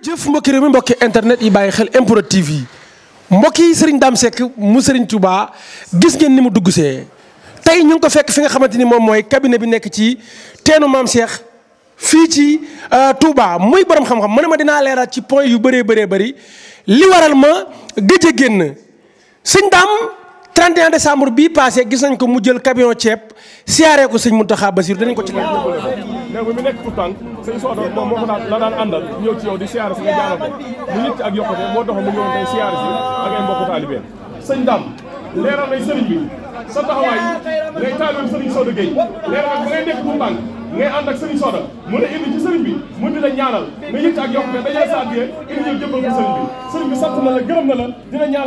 jërëjëf mbokki réew mi mbokki internet yi bàyyi xel MPROD TV yi mbokki Serigne Dame Seck mu Serigne Touba gis ngeen ni mu dugg see tey ñu ngi ko fekk fi nga xamante ni moom mooy cabinet bi nekk ci teenu maam Cheikh fii ci euh, Touba muy borom xam-xam mu ne ma dinaa leeraat ci point yu bëree bëree bëri li waral ma gëj a génn sëñ Dame 31 décembre bi passé gis nañ ko mu jël camion ceeb siyaaree ko sëñ Mountakha Bassirou danañ ko ci laaj. mais bu mu nekk sëñ Soxna moom moo ko daan la daan àndal ñëw ci yow di siyaare si nga jaaral ko mu moo doxee mu ñëwoon tey siyaare si ak ay sëñ Dame leeral sëriñ bi sa taxawaay ngay taalib sëriñ Soxna Gueye leeral bu ngay nekk tout ngay ànd sa addiya indi ñëw jëppal dina a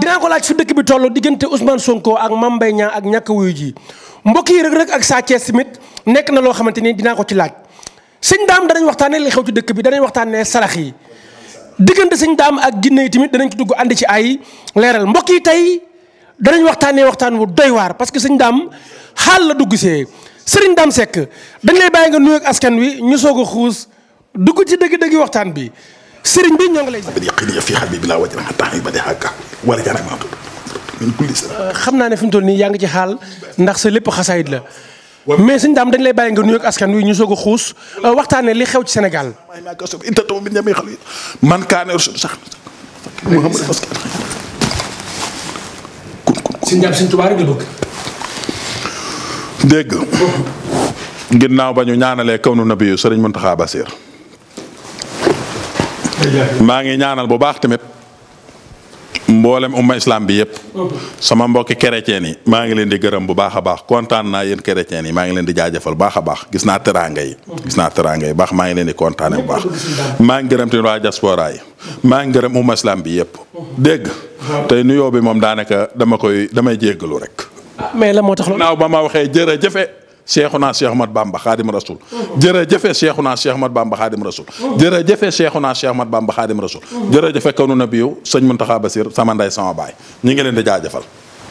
mën ko laaj fi dëkk bi toll diggante Ousmane Sonko ak Mame Mbaye ak ñàkk wuyu ji mbokk yi rek rek ak Sa Thiès nekk na loo xamante ni dinaa ko ci laaj sëñ daam danañ waxtaanee li xew ci dëkk bi danañ waxtaanee sarax yi diggante sëñ daam ak jinne yi tamit danañ ci dugg ànd ci ay leeral mbokk yi tey danañ waxtaan wi waxtaan wu doy waar parce que sañ daam xaal la dugg see sëriñ daam sekk dañ lay bàyyi nga nuyu askan wi ñu soog a xuus dugg ci dëgg-dëgg waxtaan bi sëriñ bi ñoo ngi lay. xam naa ne fi mu toll nii yaa ngi ci xaal ndax sa lépp xasaayit la. mais sëñ daam dañ lay bàyyi nga askan wi ñu soog a xuus euh, waxtaanee li xew ci Sénégal. man sëñ jàpp sëñ Tuubaa rek la dégg ginnaaw ba ñu ñaanalee kaw nu nabi yu sëriñ Muntaxa Basiir maa ngi ñaanal bu baax tamit. mboolem umma islam bi yëpp. sama mbokki chrétien maa ngi leen di gërëm bu baax a baax kontaan naa yéen chrétien maa ngi leen di jaajëfal bu baax a baax gis naa teraanga yi. gis naa teraanga yi baax maa ngi leen di kontaane bu baax. maa ngi gërëm te waa diaspora yi. maa ngi gërëm umma islam bi yëpp. dégg tey nuyoo bi moom daanaka dama koy damay jéggalu rek. Ah, mais la moo tax loolu. naaw ba Cheikhuna Cheikh Ahmad Bamba Khadim Rasoul jërëjëfe Cheikhuna Cheikh Ahmad Bamba Khadim Rasoul jërëjëfe Cheikhuna Cheikh Ahmad Bamba Khadim Rasoul jërëjëfe kaw nu nabiyu sëñ Muntaxa Basir sama nday sama baay ñi ngi leen di jaajëfal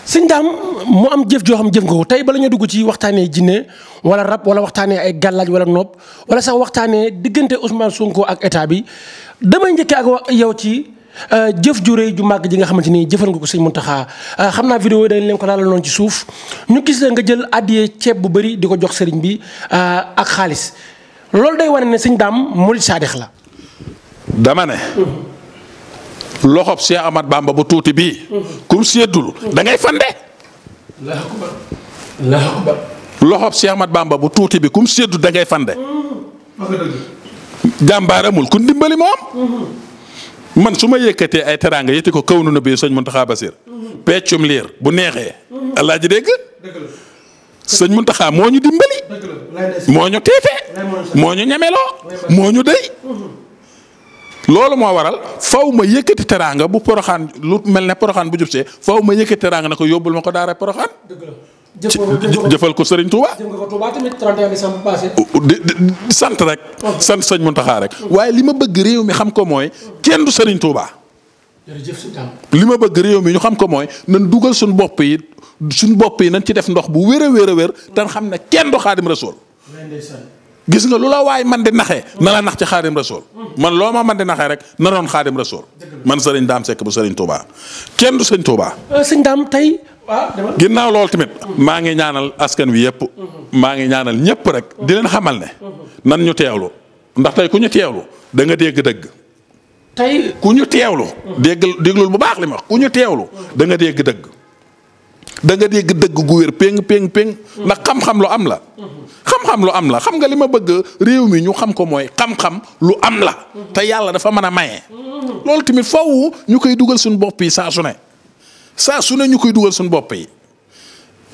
sëñ daam mu am jëf joo xam jëf nga ko tey bala ñu dugg ci waxtaanee jinne wala rab wala waxtaanee ay gàllaaj wala nopp wala sax waxtaanee diggante Ousmane Sonko ak état bi damay njëkkee ak yow ci Euh, jëf ju ju màgg ji nga xamante ni jëfal nga ko sëñ Muntaxa euh, xam naa vidéo yi dañ leen ko laalal noonu ci suuf ñu gis la nga jël àddiyee ceeb bu bari di ko jox sëriñ bi euh, ak xaalis loolu day wane ne sëñ daam murid saadix la. dama ne. loxob Cheikh Ahmad bu tuuti bii. kum fande. Allahu akbar Allahu akbar. bu tuuti bi kum séddul dangay ngay fande. Mm-hmm. jàmbaaramul ku ndimbali moom. Mm-hmm. man su ma yëkkatee ay teraanga yëtti ko kaw nu na bii sëñ Muntaxa Basiir peccum liir bu neexee allah ji dégg sëñ Muntaxa moo ñu dimbali moo ñu teete moo ñu ñemeloo moo loolu moo waral faw ma yëkkati teraanga bu poroxaan lu mel ne poroxaan bu jub see faw ma yëkkati teraanga na ko yóbbul ma ko daara poroxaan jëfal ko Serigne Touba. jëf nga ko Touba tamit 31 décembre passé. di sant rek. sant mu Mountakha rek. waaye li ma bëgg réew mi xam ko mooy kenn du sëriñ Touba. li ma bëgg réew mi ñu xam ko mooy nan dugal suñu bopp yi suñ bopp yi nañ ci def ndox bu wér a wér a wér te xam ne kenn du xaadim rasool gis nga lu la waaye man di naxee na la nax ci xaadim rasool mm. man loo ma man di naxee rek na doon xaadim rasool man sëriñ daam sekk bu sëriñ Touba kenn du sëñ Touba. Euh, sëñ daam tey Ah, ginnaaw loolu tamit maa ngi ñaanal askan wi yëpp maa ngi ñaanal ñëpp rek di leen xamal ne nan ñu teewlu ndax tey ku ñu teewlu da nga dégg dëgg. tey ku ñu teewlu. dégg déglul bu baax li ma ku ñu teewlu da dégg dëgg. da dégg dëgg gu wér péng péng péng ndax xam-xam lu am la. xam-xam lu am la xam nga li ma bëgg réew mi ñu xam ko mooy xam-xam lu am la. te yàlla dafa mën a maye. loolu tamit faw ñu koy dugal suñu bopp yi saa su saa su ne ñu koy dugal suñu bopp yi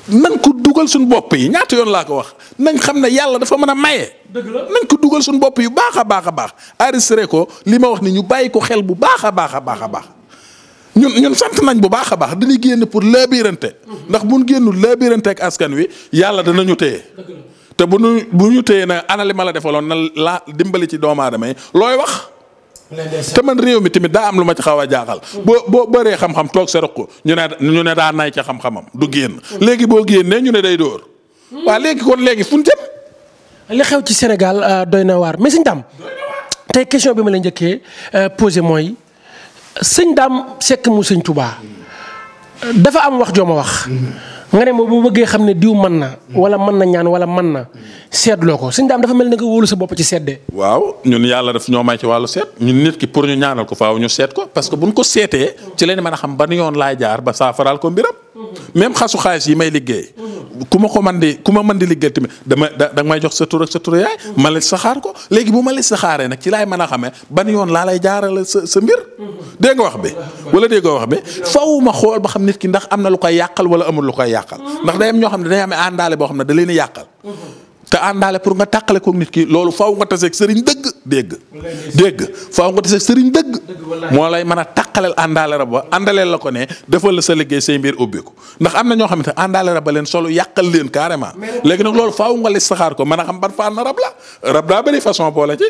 nañ ku dugal suñu bopp yi ñaata yoon laa ko wax nañ xam ne yàlla dafa mën a maye. dëgg la nañ ko dugal suñu bopp yu baax a baax a baax enregistré ko li ma wax ni ñu bàyyi ko xel bu baax a baax a baax a baax ñun ñun sant nañ bu baax a baax dañuy génn pour labirante mhm. ndax bu ñu génnul labirante ak askan wi yàlla ñu téye. te bu nu bu ñu téye na ana li ma la defaloon na laa dimbali ci doomu aadama looy wax. te man réew mi tamit daa am lu ma ci xaw a jaaxal. boo boo bëree xam-xam toog sa rëq ñu ne ñu ne daa nay ca xam-xamam du génn. léegi boo génnee ñu ne day dóor. waa léegi kon léegi fu ñu li xew ci Sénégal euh, doy na waar mais sëñ Dame tey question bi ma la njëkkee euh, posé mooy sëñ Dame Seck mu sëñ Touba hmm. dafa am wax joo ma wax. Hmm. nga ne moo boo bëggee xam ne diw man na wala mën na ñaan wala man na seetloo ko suñ daam dafa mel ne nga wóolu sa bopp ci seddee waaw ñun yàlla daf ñoo may ci wàllu seet ñun nit ki pour ñu ñaanal ko faaw ñu seet ko parce que buñ ko seetee ci leen mën a xam ba ban yoon laay jaar ba saafaraal ko mbiram même xasu xaalis yi may liggéey. ku ma ko man di ku ma mën di liggéey tamit dama da may jox sa tur ak sa yaay. ma la saxaar ko léegi bu ma la saxaaree nag ci laay man a xamee ban yoon laa lay jaarale sa sa mbir. dégg nga wax bi wala dégg nga wax bi faw ma xool ba xam nit ki ndax am na lu koy yàqal wala amul lu koy yàqal. ndax day am ñoo xam ne day amee àndaale boo xam ne da leen a yàqal. te àndaale pour nga tàqale ko nit ki loolu faaw nga taseeg sëriñ dëgg dégg dégg faaw nga taseeg sëriñ dëgg moo lay man a tàqaleel àndaale rab ba àndaleel la ko ne defal la sa liggéey say mbir ubbeeku ndax am na ñoo xamante àndaale rab ba leen solo yàqal leen carrément léegi nag loolu faaw nga listixaar ko mën a xam ban faan na rab la rab daa bari façon boole ci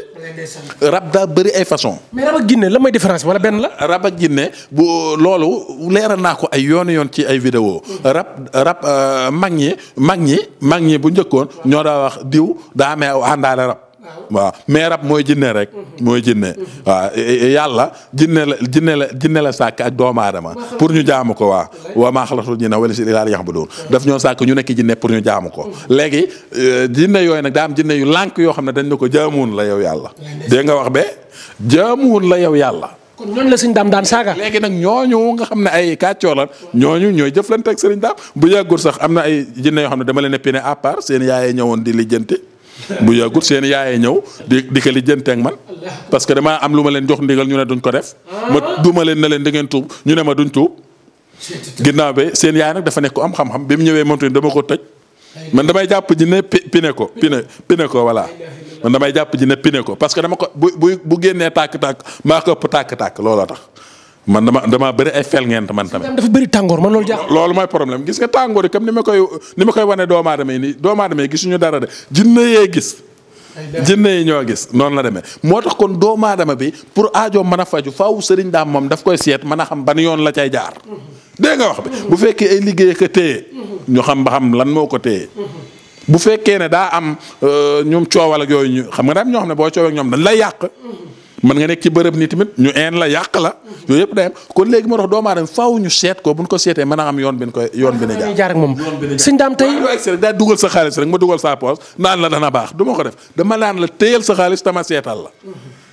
rab daa bari ay façon mais rab ak ginne la may différence wala benn la rab ak ginne bu loolu leeral naa ko ay yoon yoon ci ay vidéo rab rab euh, mag ñi mag ñi mag bu njëkkoon ndax diw daa amee aw àndaale rab. waaw mais rab mooy jinne rek. Mhm. mooy jinne mhm. waaw e, e, yàlla jinne la jinne la jinne la sàkk ak doomu aadama pour ñu jaamu ko waaw. wa maa xalaqtul jinna wal insa bu liya'buduun daf ñoo sàkk ñu nekk jinne pour ñu jaamu ko. Mhm. léegi e, jinne yooyu nag daa am jinne yu lànk yoo xam ne dañ ne ko jaamuwun la yow yàlla. dégg nga wax be jaamuwun la yow yàlla. kon ñooñu la sëñ daam daan saaga. léegi nag ñooñu nga xam ne ay kàccoo la ñooñu ñooy jëflante ak sëriñ daam bu yàggul sax am na ay jinne yoo xam ne dama leen a pine à part seen yaayee ñëwoon di lijjanti bu yàggul seen yaayee ñëw di di ko man parce que damaa am lu ma leen jox ndigal ñu ne duñ ko def ma duma leen na leen di ngeen tuub ñu ne ma duñ tuub ginnaaw ba seen yaay nag dafa nekk am xam-xam bi mu ñëwee moom tamit dama ko tëj man damay jàpp ji ne pine ko pine pine ko voilà man damay jàpp ji ne pine ko parce que dama ko bu bu bu génnee tàkk-tàkk maa ko ëpp tàkk-tàkk looloo tax man dama damaa bëri ay felngeent man tamit. dafa bëri tàngoor man loolu jaaxal. loolu mooy problème gis nga tàngoor yi comme koy ni ma koy wane doomu aadama yi nii doomu aadama yi gisuñu dara de jinne yee gis. jinne yi ñoo gis noonu la demee moo tax kon doomu aadama bi pour aajo mën a faju faaw sëriñ daam moom daf koy seet mën a xam ba ban yoon la cay jaar. Mhm. dégg nga wax bi bu fekkee ay liggéey ko téye. ñu xam ba xam lan moo ko téye. Mhm. bu fekkee ne daa am euh, ñoom coowal ak yooyu ñu xam nga daam ñoo xam ne boo coowee ñoom dañ lay yàq mën nga nekk ci bërëb nii tamit ñu een la yàq la yooyu yëpp day am kon léegi moo tax doomu aadama faaw ñu seet ko bu ñu ko seetee mën a am yoon bi ñu koy yoon bi ñu jaar ak moom suñ daam tey daa dugal sa xaalis rek ma dugal sa poos naan la dana baax du ma ko def dama naan la téyal sa xaalis tama seetal la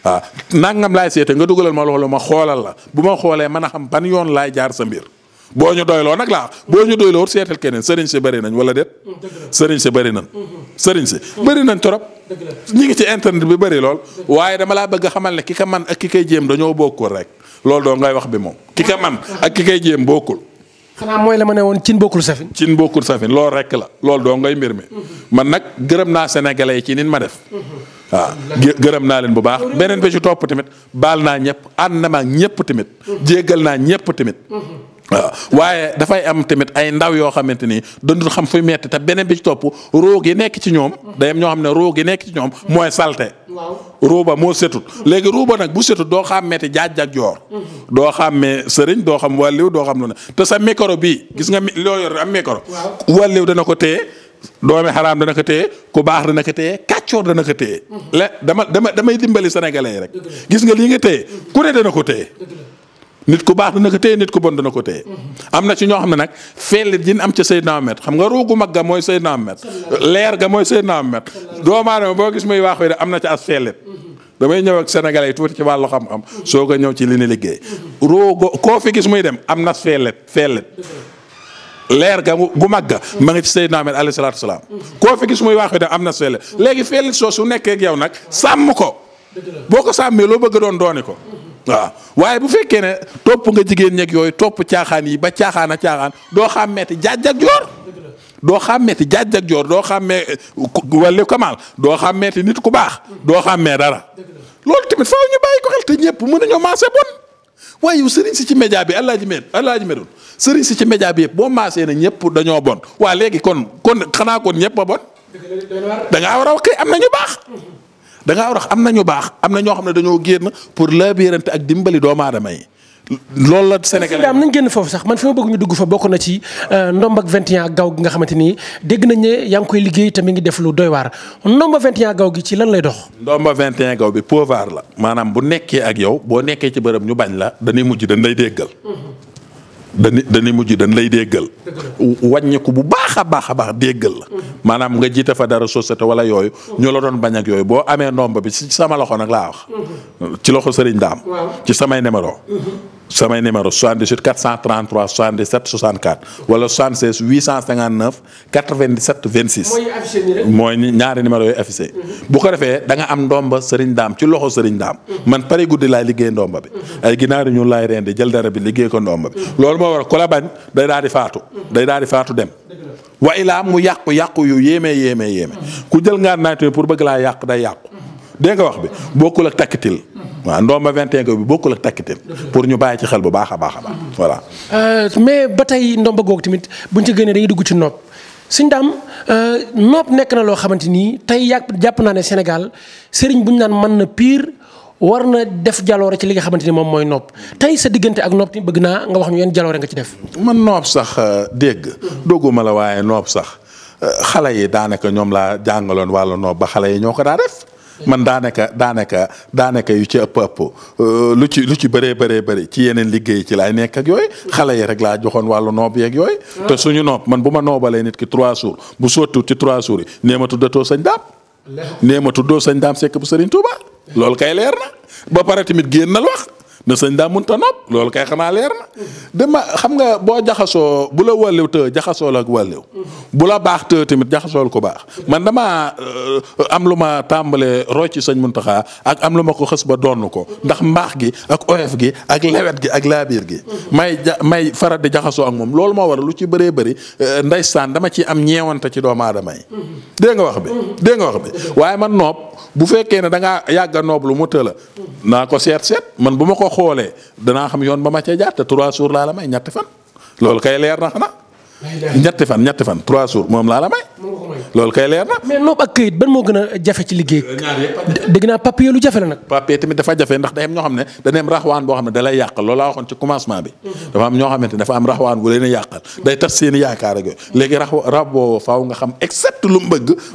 waaw nangam laay seete nga dugalal ma loolu ma xoolal la bu ma xoolee mën a xam ban yoon laay jaar sa mbir boo ñu doyloo nag laa boo ñu doyloo seetal keneen sëriñ si bari nañ wala déet. sëriñ si bëri nañ. sëriñ si bëri nañ trop. ñi ngi ci internet bi bari lool. waaye dama laa bëgg xamal ne ki ka man ak ki kay jéem dañoo bokkul rek lool doo ngay wax bi moom. ki ka man ak ki kay jéem bokkul. xanaa mooy la ma ne woon cin bokkul safin. cin bokkul safin loolu rek la loolu doo ngay mbir mi. Mm-hmm. man nag gërëm naa sénégalais yi ci nin ma def. Mm-hmm. waaw gërëm naa leen bu baax mm-hmm. beneen bi ci topp tamit baal naa ñëpp ànd na ñëpp tamit jéggal naa ñëpp tamit waaw waaye dafay am tamit ay ndaw yoo xamante ni dundul xam fuy metti te beneen bi ci topp gi nekk ci ñoom day ñoo xam ne ruu gi nekk ci ñoom mooy salte ruuba moo setut léegi ruuba nag bu setut doo xam metti jaaj mm-hmm. doo xàmmee sëriñ doo xam wàlliw doo xam lu te sa micro bi gis nga loo yor am micro wàlliw dana ko téye doomi xaraam dana ko téye ku baax dana ko téye kàccoor dana ko téye mm-hmm. le dama dama damay dimbali sénégalais yi rek gis nga lii nga téye ku ne dana ko téye nit ku baax dana ko téye nit ku bon dana ko téye. am na ci ñoo xam ne nag fellit ji am ca Seydina Ahmed xam nga ruugu mag ga mooy Seydina Ahmed leer ga mooy Seydina Ahmed doomu boo gis muy waax wi am na ca damay ñëw ak sénégalais tuuti ci wàllu xam-xam soo ko ñëw ci li liggéey ruugu koo dem am na fellit leer ga gu mag ga ma ngi ci Seydina Ahmed alayhi salaatu salaam koo fi gis muy waax wi de am na fellit léegi fellit soo su nekkee ak yow nag sàmm ko boo ko sàmmee loo bëgg doon dooni ko waaw waaye bu fekkee ne topp nga jigéen ñeeg yooyu topp caaxaan yi ba caaxaan a caaxaan doo xàmmeeti jaaj ak joor doo xàmmeeti jaaj ak joor doo xàmmee eh, wala kamaal doo xàmmeeti nit ku baax doo xàmmee dara loolu tamit faaw ñu bàyyi ko xel te ñëpp mën nañoo maase bon waaye yow sëriñ si ci média bi allaaji med allaaji medul sëriñ si ci média bi yëpp boo maasee na ñëpp dañoo bon waa léegi kon kon xanaa kon ñëpp a bon da war a wax am na baax da ngaa war a am na ñu baax am na ñoo xam ne dañoo génn pour labirante ak dimbali doomu aadama yi. loolu la Sénégal daam nañ génn foofu sax man fi ma bëgg ñu dugg fa bokk na ci euh, ndomba 21 gaaw gi nga xamante ni dégg nañ ne yaa ngi koy liggéey te mi ngi def lu doy waar ndomba 21 gaaw gi ci lan lay dox. ndomba 21 gaaw bi pouvoir la maanaam bu nekkee ak yow boo nekkee ci bërëb ñu bañ la dañuy mujj dañ lay déggal. Mhm. dani dañuy mujj dañ lay déggal. wàññiku bu baax a baax a baax déggal la. maanaam nga jiita fa dara société wala yooyu. ñu la doon bañ ak yooyu boo amee ndomba bi ci sama loxo nag laa wax. ci loxo Serigne Dame. ci samay numéro samay numéro 78 433 77 64 wala 76 859 97 26. mooy affiché nii rek ñaari numéro yooyu affiché. bu ko defee da am ndomba Serigne Dame ci loxo Serigne Dame. man pare guddi laay liggéey ndomba bi. ay ginaar ñu laay rendi jël dara bi liggéey ko ndomba bi. loolu moo war Colobane day daal di faatu day daal di faatu dem wa ilaa mu yàqu yàqu yu yéemee yéemee yéeme ku jël ngaan naay pour bëgg laa yàq day yàqu dégg nga wax bi bokkul ak takkitil waaw ndomba 21 bi bokkul ak takkitil pour ñu bàyyi ci xel bu baax a baax a baax voilà. Euh, mais ba tey ndomba googu tamit buñ ci gënee dañuy dugg ci nopp suñ daam euh, nopp nekk na loo xamante ni tey yàq jàpp naa ne Sénégal sëriñ buñ naan mën na pire. war na def jaloore ci li nga xamante ni moom mooy nopp tey sa diggante ak nopp ti bëgg naa nga wax ñu yan jaloore nga ci def. man noob sax euh, dégg dogguma la waaye noob sax euh, xale yi daanaka ñoom laa jàngaloon wàllu noob ba xale yi ñoo ko daa def. man daanaka daanaka daanaka yu ci ëpp ëpp euh, lu ci lu ci bëree bëree bëri ci yeneen liggéey ci laay nekk ak yooy xale yi rek laa joxoon wàllu noob yeeg yooyu. Ah. te suñu noob man bu ma noobalee nit ki trois jours bu sottiwut ci trois jours yi nee ma sañ daam nee ma tuddoo sëñ Dame Seck bu Serigne Touba loolu kay leer na ba pare tamit génn na wax. ne sëñ daa mënta nopp loolu kay xanaa leer na dama xam nga boo jaxasoo bu la wàlliw të ak wàlliw bu la baax të tamit jaxasool ko baax man dama euh, am lu ma tàmbalee roy ci sëñ Muntaxa ak am lu ma ko xës ba donn ko ndax mbaax gi ak oyof gi ak lewet gi ak laabiir gi may may faral di jaxasoo ak moom loolu moo waral lu ci bëree bëri euh, ndeysaan dama ci am ñeewante ci doomu aadama yi dégg wax bi dégg wax bi waaye man noob bu fekkee ne danga ngaa yàgga noob lu mu të naa ko seet seet man bu ma ko xoolee danaa xam yoon ba ma cee jaar te trois jours laa la may ñetti fan loolu kay leer na xanaa. ñetti fan trois jours moom laa la may. loolu kay leer na. mais noob ak këyit ban moo a jafe ci liggéey. Euh, dégg naa papier lu am ñoo xam ne dana am raxwaan boo xam ne dalay yàqal loolu laa waxoon ci commencement bi. Mhm. dafa am ñoo xamante ne day tas seen yaakaar ak yooyu léegi rax rab boobu faaw nga xam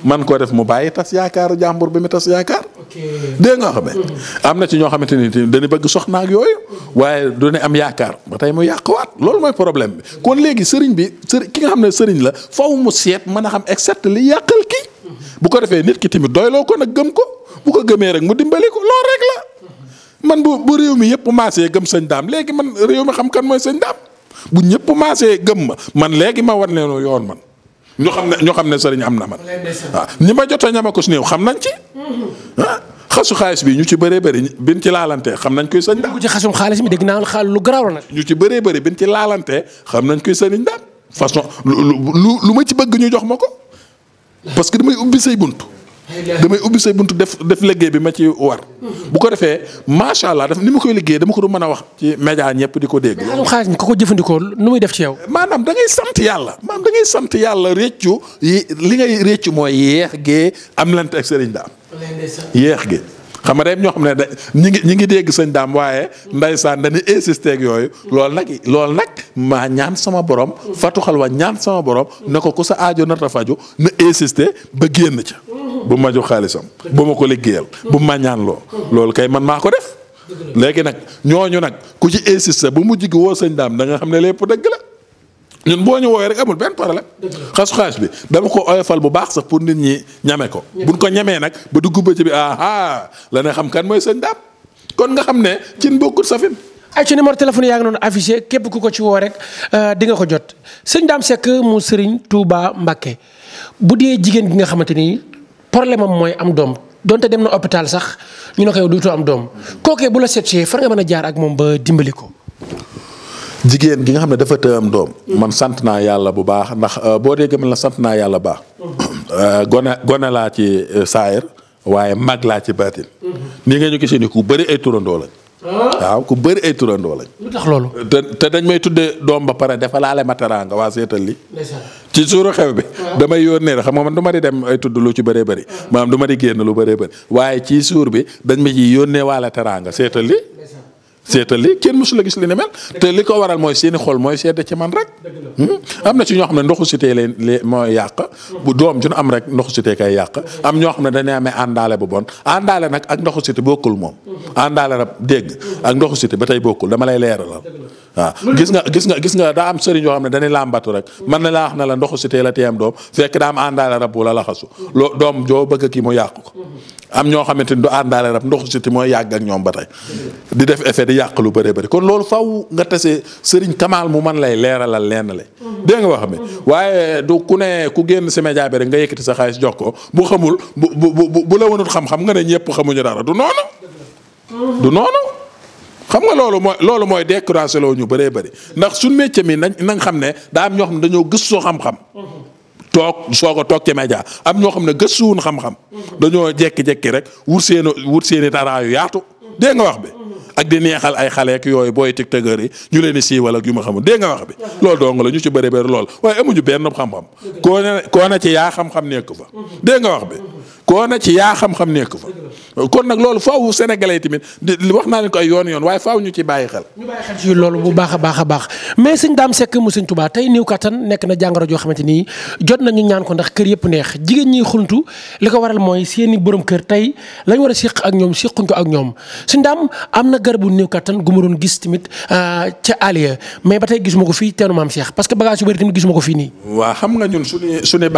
man koo def mu bàyyi tas yaakaaru jàmbur bi mu tas yaakaar. ok dégg nga xam ne. Mhm. am na ci ñoo xamante ne dañu bëgg soxna ak yooyu. Mhm. waaye du ne am yaakaar ba tey mu yàqwaat loolu mooy problème bi kon léegi sëriñ bi sëriñ ki nga xam ne sëriñ la faw mu seet mën a xam excepte li yàqal bu ko defee nit ki tamit doyloo ko nag gëm ko bu ko gëmee rek mu dimbali ko loolu man bu bu réew mi yëpp maasee gëm sëñ daam léegi man réew mi xam kan mooy sëñ daam bu ñëpp maasee gëm ma man léegi ma war leen yoon man ñu xam ne ñu xam ne sëriñ am na man waaw ñi ma jot a ñama ko su néew xam nañ ci ah xasu bi ñu ci bëree bëri bin ci laalantee xam nañ koy sëñ daam ci xasum xaalis bi dégg naa xaal lu garaaw la nag ñu ci bëree bëri bin ci laalante xam nañ koy sëriñ daam façon lu lu ma ci bëgg ñu jox ma ko parce que damay ubbi say bunt damay ubbi say bunt def def liggéey bi ma ci war. bu ko defee macha allah daf ni ma koy liggéey dama ko doon mën a wax ci média ñëpp di ko dégg. mais alal xaalis mi ku ko jëfandikoo nu muy def ci yow. maanaam dangay ngay sant yàlla maanaam da ngay sant yàlla réccu yi li ngay réccu mooy yeex gee am lante ak sëriñ daam. yeex gee. xam nga day ñoo xam ne da ñi ngi ñi ngi dégg sëñ daam waaye ndaysaan saan insister ak yooyu lool nag lool nag maa ñaan sama borom xal wa ñaan sama borom ne ko ku sa aajo na rafaju na insister ba génn ca bu ma xaalisam bu ma ko liggéeyal bu ma ñaan loo loolu kay man maa ko def léegi nag ñooñu nag ku ci insister bu mujj gi woo sëñ daam da xam ne lépp dëgg la ñun boo ñu woowee rek amul benn problème xasu xaas bi dama ko oyofal bu baax sax pour nit ñi ñame ko bu buñ ko ñamee nag ba dugg ba ci bi aha la ne xam kan mooy sëñ daam kon nga xam ne cin bokkut safin ay ci téléphone yaa ngi noonu affiché képp ku ko ci woo rek euh, di nga ko jot sëñ daam Seck mu sëriñ tuuba Mbacké bu dee jigéen gi nga xamante ni problème am mooy am doom donte dem na hôpital sax ñu ne ko yow duutoo am doom kookee bu la seet far nga mën a jaar ak moom ba dimbali ko jigéen gi nga xam ne dafa tëam doom. man sant naa yàlla bu baax ndax euh, boo déggee man la sant naa yàlla baax. Euh, gone gone laa ci euh, saayir waaye mag laa ci baatin. nii nga ñu gisee ni ku bëri ay turandoo lañ. Ah. waaw ku bëri ay turandoo lañ. lu loolu. te dañ may tudd doom ba pare dafa laale ma teraanga waa seetal li ci suuru xew bi. Ah. damay yónnee xam nga man du ma di dem ay tudd lu ci bëree bari ah. maanaam du ma di génn lu bëree bari waaye ci suur bi dañ ma ci yónnee waale teraanga seetal li seetali kenn mësu la gis li ne mel te li ko waral mooy seeni xol mooy sedd ci man rek hmm? am na ci ñoo xam ne ndoxu sitee leen mooy yàq bu doom ju nu am rek ndoxu sitee kay yàq am ñoo xam ne dañuy amee àndaale bu bon àndaale nag ak ndoxu sitee bokkul moom àndaale rab dégg ak ndoxu sitee ba tey bokkul dama lay leeralal waaw gis nga gis nga gis nga daa am sëriñ yoo xam ne dañuy làmbatu rek man na laa wax ne la ndoxu sitee la teem doom fekk daa am àndaale rab la laxasu loo doom joo bëgg kii mu yàq am ñoo xamante ni du àndaale rab ndoxu siti mooy yàgg ak ñoom ba tey di def effet di yàq lu bëree bari kon loolu faw nga tase sëriñ Kamaal mu man lay leeralal lenn la dégg nga wax mi waaye du ku ne ku génn si média rek nga yëkkati sa xaalis jox ko bu xamul bu bu bu bu la wanut xam-xam nga ne ñëpp xamuñu dara du noonu du noonu xam nga loolu mooy loolu mooy découragé loo ñu bëree bari ndax suñ métier mi nañ na xam ne daa am ñoo xam ne dañoo gëstoo xam-xam toog soog a toog ci média am ñoo xam ne gëstuwuñ xam-xam. dañoo jékki-jékki rek wut seen wut seen i taraayu yaatu. dégg nga wax bi ak di neexal ay xale ak yooyu booy tiktokeur yi ñu leen di siiwal ak yu ma xamul nga wax bi loolu dong la ñu ci bëri bëri lool waaye mu amuñu benn xam-xam. koo na koo ne ci yaa xam-xam nekk fa dégg nga wax bi. koo na ci yaa xam-xam nekk fa kon nag loolu faaw sénégalais tamit di wax naa ne ko ay yoon yoon waaye faaw ñu ci bàyyi xel loolu bu baax a baax a baax mais sëñ Dame Seck mu sëñ Touba tey niw kattan nekk na jàngoro joo xamante nii jot na nañu ñaan ko ndax kër yëpp neex jigéen ñi xuntu li ko waral mooy seeni borom kër tey lañ war a ak ñoom siquñ ko ak ñoom sëñ Dame am na garabu niw kattan gu ma gis tamit euh, ca Aliya mais ba tey gisuma ko fii teenu maam Cheikh que bagage yu bëri tamit gisuma ko fii nii waaw xam nga ñun suñu suñu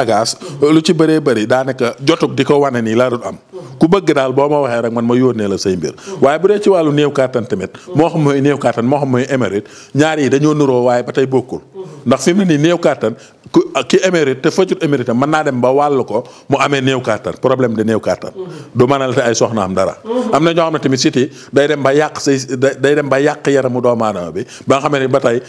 lu ci bëree bëri daanaka jotug di ko ko wane nii laa doon am ku bëgg daal boo ma waxee rek man ma yónnee la say mbir waaye bu dee ci wàllu néew kàttan tamit moo xam mooy néew kàttan moo xam mooy émérite ñaar yi dañoo nuroo waaye ba tey bokkul ndax fi mu ne nii néew kàttan ku ki émérite te fajut émérite mën naa dem ba wàll ko mu amee néew kàttan problème de néew kàttan mm-hmm. du mënal te ay soxnaam dara mm-hmm. am na ñoo xam ne tamit siti day dem ba yàq say day dem ba yàq yaramu doomu aadama bi ba nga xam ne ba tey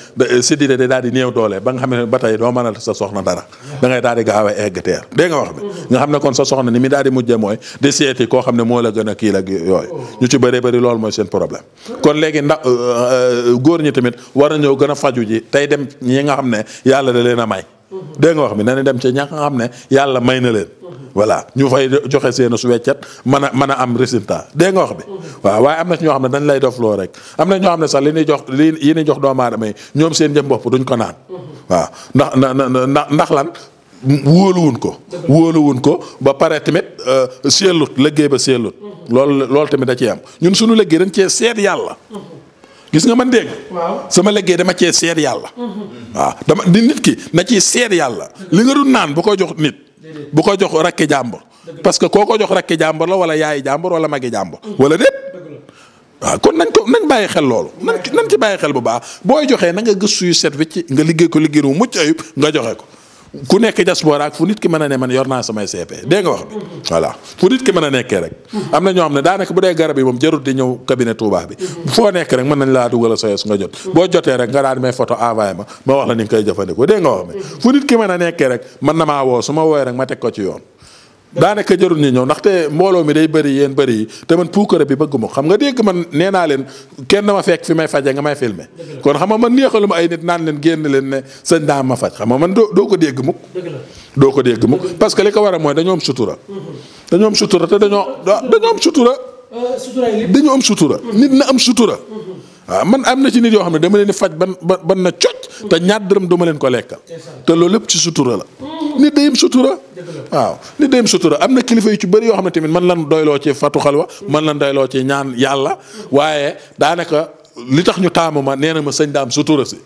siti day daal di néew doole ba nga xam ne ba tey doo mënal sa soxna dara da ngay gaaw a egg teer dégg nga wax bi mm-hmm. nga xam ne kon sa soxna ni mi daal di mujjee mooy di seeti koo xam ne moo la gën a kii la yooyu ñu ci bëree bari loolu mooy seen problème kon léegi ndax euh, euh, góor ñi tamit war a ñëw gën a faju ji tey dem ñi nga xam ne yàlla da leen a may dégg nga wax bi nañu dem ca ña nga xam ne yàlla may na leen. voilà ñu fay joxe seen su weccet mën a mën a am résultat dégg nga wax bi. waaw waaye am na ci ñoo xam ne dañ lay dof loo rek am na ñoo xam ne sax li ñuy jox li yi ñuy jox doomu aadama ñoom seen jëm bopp duñ ko naan. waaw ndax ndax ndax lan. wóoluwun ko wóoluwun ko ba pare tamit euh, seetlut liggéey ba seetlut loolu loolu tamit da ci am ñun suñu liggéey dañ cee seet yàlla gis nga man dégg sama liggéey dama cee seet yàlla mhm. waaw dama di nit ki na ciy seet yàlla li nga dul naan bu ko jox nit bu ko jox rakki jàmbur parce que koo ko jox rakki jàmbur la wala yaayi jàmbur wala magi jàmbur mhm. wala déet waaw kon nañ ko nañ bàyyi xel loolu nañ nan ci bàyyi xel bu baax booy joxee na nga gëstu yu set wecc nga liggéey ko liggéey mu mucc ayib nga joxe ko ku nekk diaspora ak fu nit ki mën a ne man yor naa samay CP dégg nga wax bi voilà fu nit ki mën a nekkee rek am na ñoo xam ne daanaka bu dee garab yi moom jarut di ñëw cabinet Touba bi foo nekk rek mën nañ laa dugal sa yos nga jot boo jotee rek nga daal di may photo envoyé ma ma wax la ni nga koy jëfandikoo dégg nga wax bi fu nit ki mën a nekkee rek mën na maa woo su ma woowee rek ma teg ko ci yoon daanaka jarul ñu ñëw ndaxte mbooloo mi day bëri yéen bëri yi te man puukare bi bëgg ma xam nga dégg man nee naa leen kenn ma fekk fi may faje nga may filmé kon xam nga man neexalu ay nit naan leen génn leen ne sëñ daa ma faj xam nga man doo doo ko dégg mukk doo ko dégg mukk parce que li ko war a mooy dañoo am sutura mm-hmm. dañoo am sutura te dañoo dañoo am sutura euh, dañoo am sutura mm-hmm. nit na am sutura mm-hmm. waaw ah, man am na ci nit yoo xam ne dama leen di faj ban ba ban na cocc te ñaar dërëm dama leen ko lekkal te loolu lépp ci sutura la nit dayem sutura waaw nit dayem am na kilifa yu ci bëri yoo xam ne tamit man lan doyloo ci fatu xalwa man lan doyloo ci ñaan yàlla waaye daanaka li tax ñu taamu ma nee na ma sëñ daam sutura si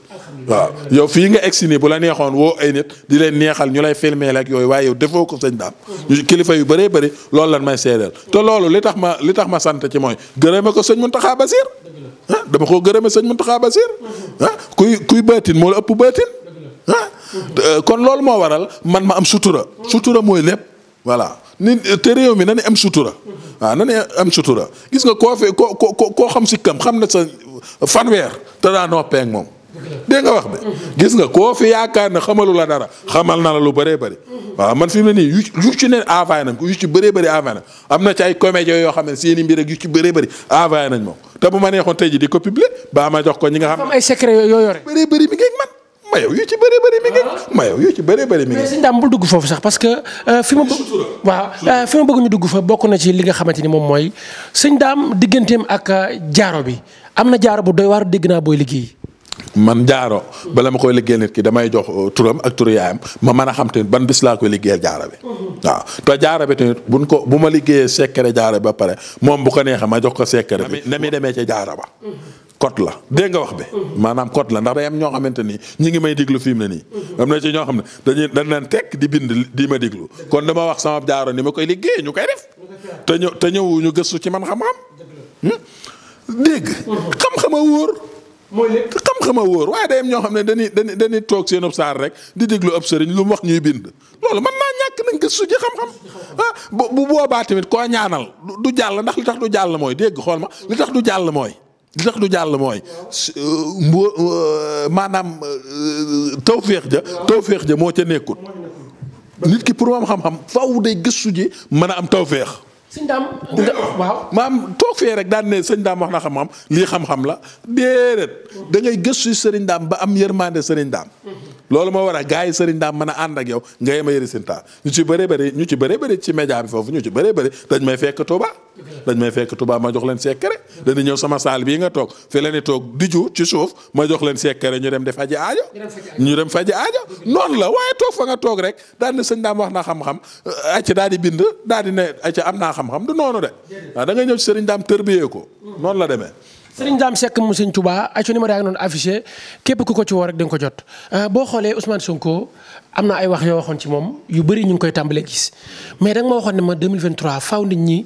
waaw yow nga egsi bu la neexoon woo ay nit di leen neexal ñu lay filmeel ak yooyu waaye yow ko sëñ daam kilifa yu bëree bëri loolu lan may seedeel te loolu li tax ma li tax ma sant ci mooy gërëme ko sëñ Muntaxa Basiir Ah, dama koo gërëme sëñ Mountakha Bassir ah kuy kuy baatin moo la ëpp baatin ah, euh, kon loolu moo waral man ma am sutura sutura mooy lépp voilà ni te réew mi na am sutura waaw na am sutura gis nga koo fee koo koo koo xam si kam xam na sa fanweer te daa noppee moom dégg nga wax de gis nga koo fi yaakaar ne xamalu la dara xamal na la lu bëree bëri waaw man fi mu ne nii yu yu ci neen avay nañ ko yu ci bëree bëri avay nañ am na ci ay comédien yoo xam ne seen i mbir ci bëree bëri avay nañ moom te bu ma tey ji di ko publier baa ma ko ñi nga xam ne ay secret yoo yore bëree bëri mi ngi bëri mi ngi ah. ma bul dugg foofu sax que euh, fi ma waaw euh, fi ma bëgg ñu dugg fa bokk na ci li nga xamante ni moom mooy sëñ daam digganteem ak euh, jaaro bi am na jaaro bu doy waar dégg naa booy liggéey man jaaro bala ma koy liggéeyal nit ki damay jox uh, turam ak turu yaayam ma mën a xam te ban bis laa koy liggéeyal jaara bi mm-hmm. waaw te jaara bi tamit buñ ko bu ma liggéeyee secret jaara bi ba pare moom bu ko neexee ma jox ko secret bi na mi demee ca jaara ba mm-hmm. cote la dégg nga wax bi mm-hmm. maanaam cote la ndax day am ñoo xamante nii ñi ngi may diglu fi mu ne nii am na ñoo xam ne dañuy dañ leen tekk di bind di ma diglu kon dama wax sama jaaro ni ma koy liggéeyee ñu koy def te ñëw te ñëw ñu gëstu ci man xam-xam hmm? dégg xam-xama wóor mooy lépp xam-xam a wóor waaye day am ñoo xam ne dañuy dañuy dañuy toog seen ëpp saar rek di déglu ëpp lu mu wax ñuy bind. loolu mën naa ñàkk nañ ko su ji xam-xam ah bu boobaa tamit koo ñaanal du jàll ndax li tax du jàll mooy dégg xool ma li tax du jàll mooy. li tax du jàll mooy euh, mbo euh, maanaam euh, tawféex ja tawféex ja moo ca nekkut nit ki pour mu am xam-xam faw day gëstu ji mën a am tawféex. sëñ daam waaw maam toog fee rek daan ne sëñ daam wax na xam-xam lii xam-xam la déedéet da ngay gëstu sëriñ daam ba am yërmande sëriñ daam loolu moo war a gars yi sëriñ daam mën a ànd ak yow nga yem a yëri seen ñu ci bëree bëri ñu ci bëre bëri ci média bi foofu ñu ci bëree bëri dañ may fekk Tuuba dañ may fekk Touba ma jox leen secret dañu ñëw sama saal bii nga toog fi la ni toog diju ci suuf ma jox leen secret ñu dem di faji aajo ñu dem faji aajo noonu la waaye toog fa nga toog rek daal ne sëñ daam wax na xam-xam daal di bind daal di ne acca am naa xam-xam du noonu de waaw ah, da nga ñëw ci sëriñ daam tërbiyee ko noonu la demee sëriñ Dame Seck mu sëñ Touba ay numéro yaa ngi noonu affiché képp ku ko ci woo rek da nga ko jot ah, boo xoolee Ousmane Sonko am na ay wax yoo waxoon ci moom yu bari ñu ngi koy tàmbalee gis mais da nga ma waxoon ne ma 2023 faaw nit ñi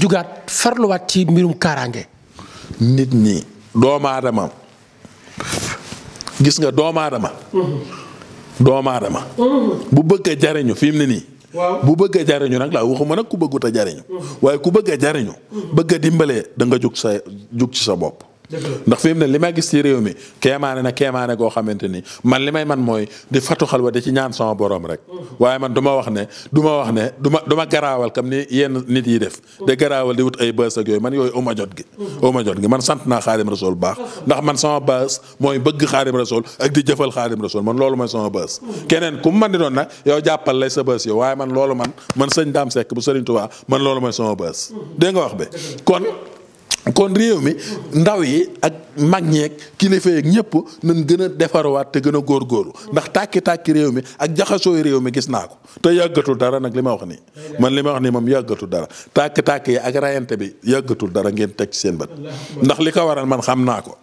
jugaat farluwaat ci mbirum kaaraange. nit ñi doomu aadama gis nga doomu aadama. Mm-hmm. doomu aadama. Mm-hmm. bu bëgg jariñu fi mu ne nii. waaw bu bëgg a jariñu nag laa waxuma nag ku bëggut a jariñu. Mm-hmm. waaye ku bëgg jariñu. bëgg a dimbalee da nga sa jóg ci sa bopp. ndax fi mu ne li ma gis ci réew mi keemaane na keemaane goo xamante ni man li may man mooy di fatu xalwa di ci ñaan sama boroom rek waaye man du ma wax ne duma wax ne du ma du garaawal kam ni yenn nit yi def de garaawal di wut ay bës ak yooyu man yooyu uma jot gi uma jot gi man sant naa xaadim rasul baax ndax man sama bës mooy bëgg xaadim rasul ak di jëfal xaadim rasul man loolu mooy sama bës keneen ku man di doon nag yow jàppal lay sa bës yow waaye man loolu man man sëñ Dame Seck bu Sëriñ Tuubaa man loolu mooy sama bës dégg nga wax bi kon réew mi ndaw yi ak mag ñeek kilifa yeeg ñëpp nañ gën a waat te gën a góoru ndax tàkki tàkki réew mi ak jaxasooy réew mi gis naa ko te yàggatul dara nag li ma wax nii man li ma wax nii moom yàggatul dara tàkki tàkk yi ak rayante bi yàggatul dara ngeen teg ci seen bët ndax li ko waral man xam naa ko.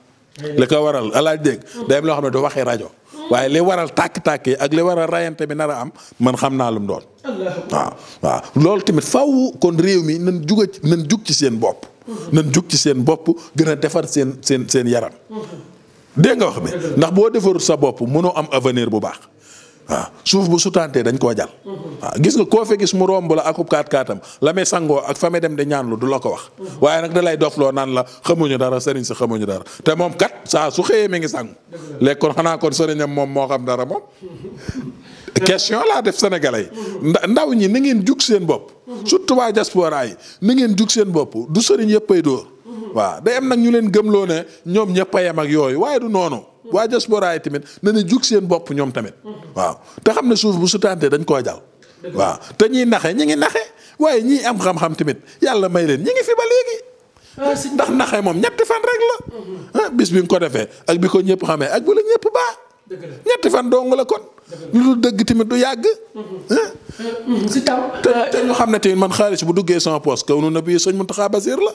li ko waral alaaj dégg day am loo xam ne du waxi rajo. waaye li waral tàkk-tàkk yi ak li waral rayante bi nar a am man xam naa lu mu doon. waaw waaw loolu tamit faw kon réew mi nan juga nan jug ci seen bopp. nan jug ci seen bopp gën a defar seen seen seen yaram. Mhm. dégg nga wax bi ndax boo defarul sa bopp mënoo am avenir bu baax. waaw suuf bu sutantee dañ koo jal waaw gis nga koo fe gis mu romb la akub kaat kaatam la may sangoo ak fa may dem di ñaan lu du la ko wax waaye nag da lay loo naan la xamuñu dara sëriñ si xamuñu dara te moom kat saa su xëyee mi ngi sangu léegi kon xanaa kon sëriñam moom moo xam dara moom question laa def sénégalais yi ndaw ñi na ngeen jug seen bopp surtout waa diaspora yi na ngeen jug seen bopp du sëriñ yëppay dóor waaw day am nag ñu leen gëmloo ne ñoom ñëpp yam ak yooyu waaye du noonu. waa diaspora yi tamit na jug seen bopp ñoom tamit. waaw te xam ne suuf bu sutante dañ koo jal waaw te ñiy naxe ñi ngi naxe waaye ñii am xam-xam tamit yàlla may leen ñi ngi fi ba léegi. Ah, ndax naxe moom ñetti fan rek la. Mhm. Ah, bis bi nga ko defee ak bi ko ñëpp xamee ak bu la ñëpp baax. ñetti fan dong la kon. lu dul dëgg tamit du yàgg. Mm-hmm. si taw. te te ñu xam ne tamit man xaalis bu duggee sama poos kaw nu na bii sëñ Muntaxa Basiir la.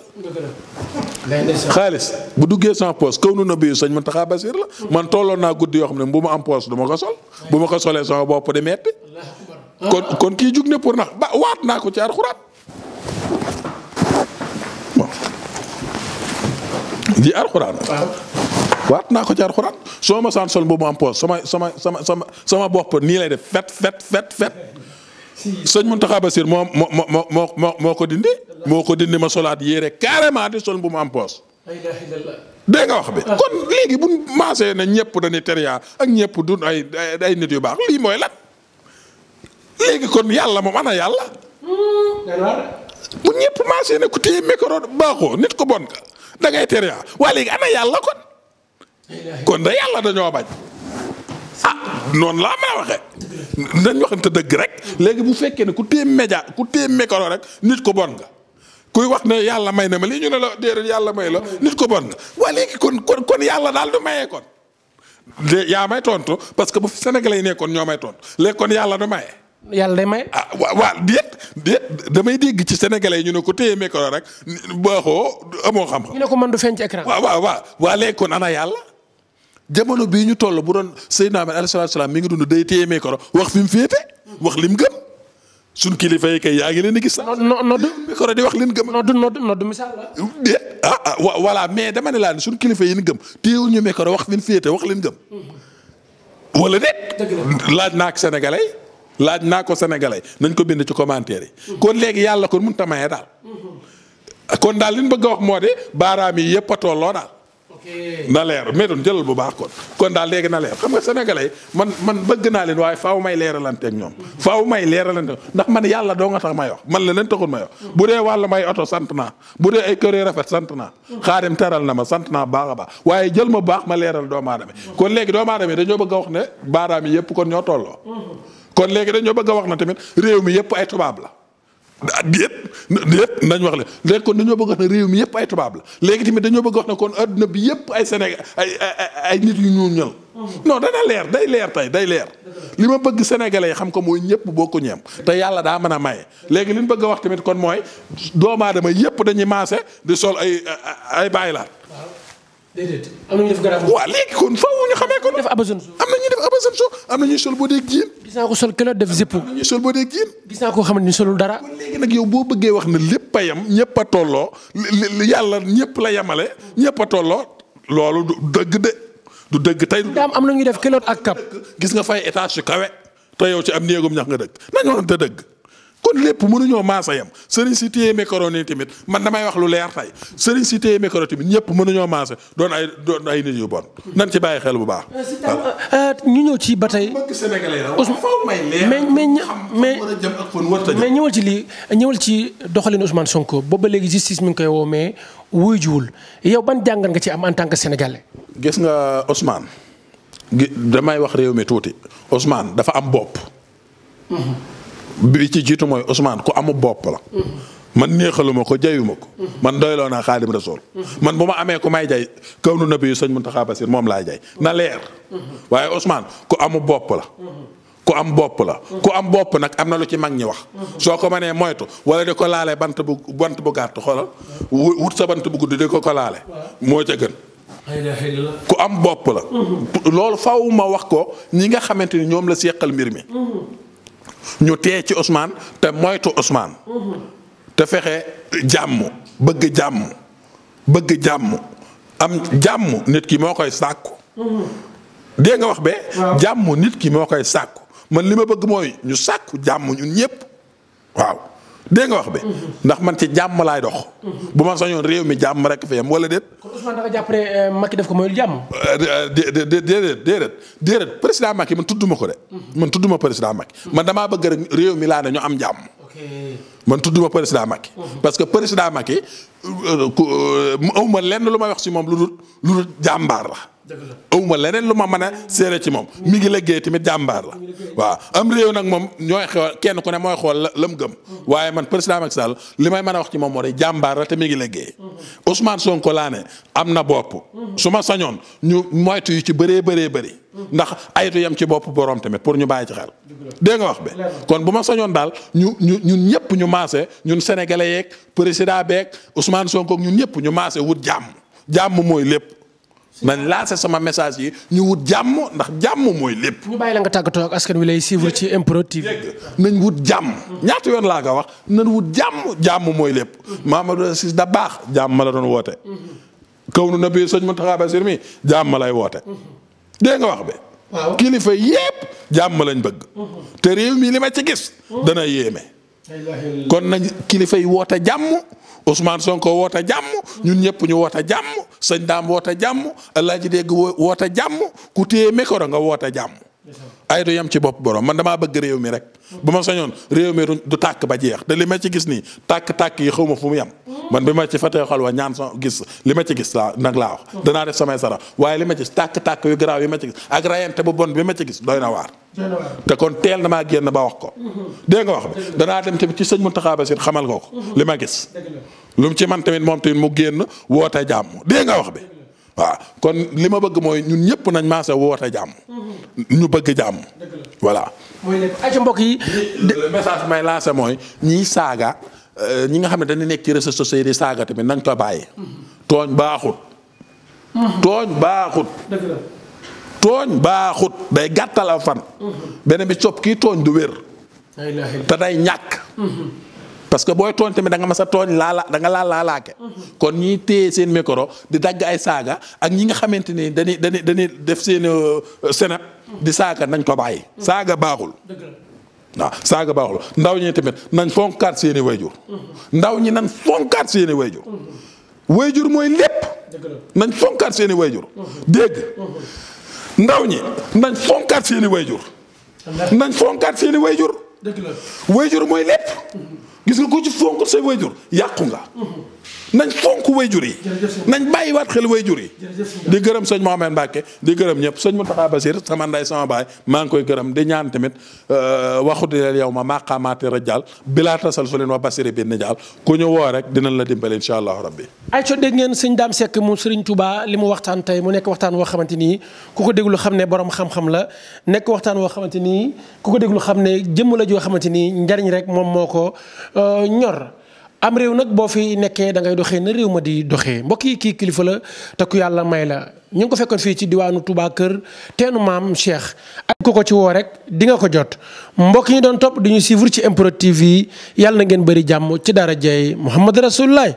xaalis bu duggee sama poos nu na bii sëñ Muntaxa Basiir la. man tolloon naa guddi yoo xam ne bu ma am poos du ma ko sol. bu ma ko solee sama bopp di metti kon kon kii jug ne pour nax ba waat naa ko ci alxuraan. ji alxuraan. waat naa ko ci alxuraan soo ma saan sol mbubb mu am poos sama sama sama sama sama bopp nii lay def fet fet fet fet sëñ Mountakha Bassir moo moo moo moo moo moo ko dindi moo ko dindi ma solaat yéere carrément di sol mbubb mu am poos dégg nga wax bi kon léegi bu maasee na ñëpp dañuy teriyaa ak ñëpp du ay ay nit yu baax lii mooy lan léegi kon yàlla moom ana yàlla bu ñëpp maasee ne ku téye micro baaxoo nit ko bon ka da ngay waa léegi ana yàlla kon kon da yàlla dañoo bañ ah noonu laa mën a waxee nañ waxante dëgg rek léegi bu fekkee ne ku téye média ku téye micro rek nit ko bon nga kuy wax ne yàlla may na ma lii ñu yàlla may la nit ko bon nga waa léegi kon kon kon yàlla daal du yaa may tontu parce que bu fi yi nekkoon ñoo may yàlla du yàlla day maye. Ah, damay dégg ci sénégalais yi ñu ne ko téye micro rek baaxoo amoo xam-xam. ne ko man du feeñ ci écran. waaw waaw léegi kon ana yàlla. jamono bii ñu toll bu doon Seydina Ahmed alayhi mi ngi dund day téye wax fi mu féete wax lim gëm suñ kilifa yi kay yaa ngi di gis. non non non du micro di wax ah, ah, mais dama laa ne kilifa yi ñu gëm téyewul ñu wax fi mu féete wax leen laaj naa ak naa ko sénégalais nañ ko bind ci commentaire léegi yàlla kon mënut a daal. kon daal li ñu bëgg a wax moo de baaraam yi yëpp a tolloo daal. na leer Medoune jëlal bu baax kon kon daal léegi na leer xam nga sénégalais man man bëgg naa leen waaye faaw may leeralante ñoom faaw may leeralante ndax man yàlla doo nga tax may wax man la leen taxul may wax bu dee wàllu may oto sant naa bu dee ay kër rafet sant naa xaadim teral na ma sant naa baax a baax waaye jël ma baax ma leeral doomu aadama kon léegi doomu aadama dañoo bëgg a wax ne baaraam yi yëpp kon ñoo tolloo mm-hmm. kon léegi dañoo bëgg a wax na tamit réew mi yëpp ay la Ah, déet déet nañ wax la léegi kon dañoo bëgg wax ne réew mi yëpp ay tubaab la léegi tamit dañoo bëgg wax ne kon adduna bi yëpp ay Sénégal ay ay nit yu ñu ñal non dana leer day leer tey day leer li ma bëgg sénégalais yi xam ko mooy ñëpp boo ko ñeem te yàlla daa mën a may léegi li bëgg a wax tamit kon mooy doomu aadama yëpp dañuy maase di sol ay ay bàyyi laat déedéet am na ñu léegi kon faaw ñu xamee ko. am na ñuy def abason am na ñuy def abason so am na ñuy sol boo dee jiin. gis naa ko sol kële def zipp. sol boo dee jiin. naa ko xam ne solul dara. léegi nag yow boo bëggee wax ne lépp a yem ñëpp a tolloo yàlla ñëpp la yemale ñëpp a tolloo loolu du dëgg de du dëgg tey. daam am na ñuy def kële ak kap. gis nga fay étage su kawe te yow ci am néegum ñax nga dëkk nañu te dëgg. kon lépp mënuñoo maasa yam sëriñ si téye micro nii tamit man damay wax lu leer tey sëriñ si téye micro tamit ñëpp mënuñoo maasa doon ay doon ay nit yu bon nan ci bàyyi xel bu baax. Euh, euh, ñu ñëw ci ba tey. mais mais mais mais ñëwal ci lii ñëwal ci doxalin Ousmane Sonko booba léegi justice mi ngi koy woo mais wuy juwul yow ban jàngat nga ci am en tant que sénégalais. gis nga Ousmane. damay wax réew mi tuuti Ousmane dafa am bopp. Mm-hmm. bi ci jiitu mooy usmaan ku amu bopp la. man neexaluma ko jayuma ko. man doyloo naa xaadim rasool man bu ma amee ko may jay kaw nu nabi yu sëñ Muntaxa Basiir moom laa jay na waaye Ousmane ku amu bopp la. am bopp la. ku am bopp nag am na lu ci mag ñi wax. soo ko mënee moytu wala di ko laalee bant bu bant bu gàtt xoolal wut sa bant bu gudd di ko ko laale moo ca ku am bopp la. loolu faw ma wax ko ñi nga xamante ni ñoom la seqal mbir mi. ñu tee ci Ousmane te moytu Ousmane. te fexe jàmm bëgg jàmm bëgg jàmm am jàmm nit ki moo koy sàkku. dégg nga wax be. jàmm nit ki moo koy sàkku man li ma bëgg mooy ñu sàkku jàmm ñun ñëpp waaw. dégg nga wax bi. ndax man ci jàmm laay dox. bu ma soñoon réew mi jàmm rek fi yam wala déet. kon Ousmane dafa jàpp ne euh, Macky def ko mooy jàmm. Euh, euh, déedéet déedéet déedéet président Macky man tudduma ko de. man tudduma président Macky. man damaa bëgg rek réew mi laa ne ñu am jàmm. man tudduma président Macky. parce que président Macky ku aw ma lenn lu ma wax si moom lu dul lu dul jàmbaar la. awma leneen lu ma mën a seere ci moom mi ngi léggéey tamit jàmbaar la waaw am réew nag moom ñooy xool kenn ku ne mooy xool la mu gëm waaye man président ma Sall li may mën a wax ci moom moo di jàmbaar la te mi ngi liggéey Ousmane Sonko laane am na bopp su ma sañoon ñu moytu yu ci bëree bëree bëri ndax aytu yam ci bopp borom tamit pour ñu bàyyi ci xel dégg nga wax be kon bu ma sañoon daal ñu ñu ñun ñëpp ñu maase ñun sénégalais yeeg président beeg Ousmane Sonko ñun ñëpp ñu maase wut jàmm jàmm mooy lépp man lancé sama message yi ñu wut jàmm ndax jàmm mooy lépp. ñu bàyyi la nga tàggatoo ak askan wi lay suivre ci MPROD TV. nañ wut jàmm. ñaat yoon laa ko wax nañ wut jàmm jàmm mooy lépp. Mamadou Ciss da baax jàmm ma la doon woote. Mm-hmm. kaw nu na bii sëñ Mountakha Bassirou mi jàmm lay woote. Mm-hmm. dégg nga wax bi. waaw kilifa yépp jàmm lañ bëgg. Mm-hmm. te réew mi li ma ci gis. dana yéeme. kon nañ kilifa yi woote jàmm Ousmane Sonko woote jàmm ñun ñëpp ñu woote jàmm sëñ daam woote jàmm El Hadj Dégg woote jàmm ku téye micro nga woote jàmm. ay du yam ci bopp borom man damaa bëgg réew mi rek bu ma sañoon réew mi du tàkk ba jeex te li ma ci gis nii tàkk-tàkk yi xaw ma fu mu yam man bi ma ci fa xol wa ñaan sa gis li ma ci gis laa nag laa wax danaa def samay sara waaye li ma ci gis tàkk-tàkk yu garaaw yi ma ci gis ak bu bon bi ma ci gis doy na waar te kon teel na maa génn ba wax ko dégg nga wax bi danaa dem tamit ci sëñ Mountakha Bassirou xamal ko ko li ma gis lu mu ci man tamit moom tamit mu génn woote jàmm dégg wax bi waaw kon li ma bëgg mooy ñun ñëpp nañ maase woote jàmm. ñu bëgg jàmm. voilà. mooy lépp ay mbokk yi. message may lancé mooy ñiy saaga euh, ñi nga xam ne dañu nekk ci réseaux sociaux saaga tamit nañ ko bàyyi. tooñ baaxut. tooñ baaxut. tooñ day gàttal fan. beneen bi cop kii tooñ du wér. te day ñàkk. parce que booy tooñ tamit da nga mas a tooñ laala da nga laa laalaake kon ñiy téye seen micro di dagg ay saaga ak ñi nga xamante ni dañuy dañuy dañuy def seen euh, senat di saaga nañ ko bàyyi. saaga baaxul. waaw saaga baaxul ndaw ñi tamit nañ fonkaat seen i wayjur ndaw ñi nañ fonkaat seen i wayjur mooy lépp. nañ fonkaat seen i wayjur dégg ndaw ñi nañ fonkaat seen wayjur nañ fonkaat seen wayjur wayjur mooy lépp. gis nga ku ci fonk say wayjur yàqu nga. nañ fonk jur yi. nañ bàyyiwaat xel wayjur yi. di gërëm sëñ Mouhamed Mbacke di gërëm ñëpp sëñ Mountakha Basir sama nday sama baay maa ngi koy gërëm di ñaan tamit euh, waxutu leen yow ma maa maqaamaati rajaal bilaa tasal su leen wa Basir bi nijaal ku ñu woo rek dinañ la dimbale incha allah rabbi. ay co dégg ngeen sëñ Dame Seck mu Serigne Touba li mu waxtaan tey mu nekk waxtaan woo xamante ni ku ko déglu xam ne borom xam la nekk waxtaan woo xamante ni ku ko déglu xam ne jëmm la joo xamante ni njariñ rek moom moo ko Euh, ñor am réew nag boo fi nekkee da ngay doxee na réew ma di doxee mbokk yi kii kilifa la te ku yàlla may la ñu ngi ko fekkoon fii ci diwaanu Touba kër teenu maam Cheikh. ak ko ko ci woo rek di nga ko jot mbokk yi doon topp duñu ñu suivre ci MPROD TV yi yàlla na ngeen bëri jàmm ci dara jëye Mouhamed Rasulullah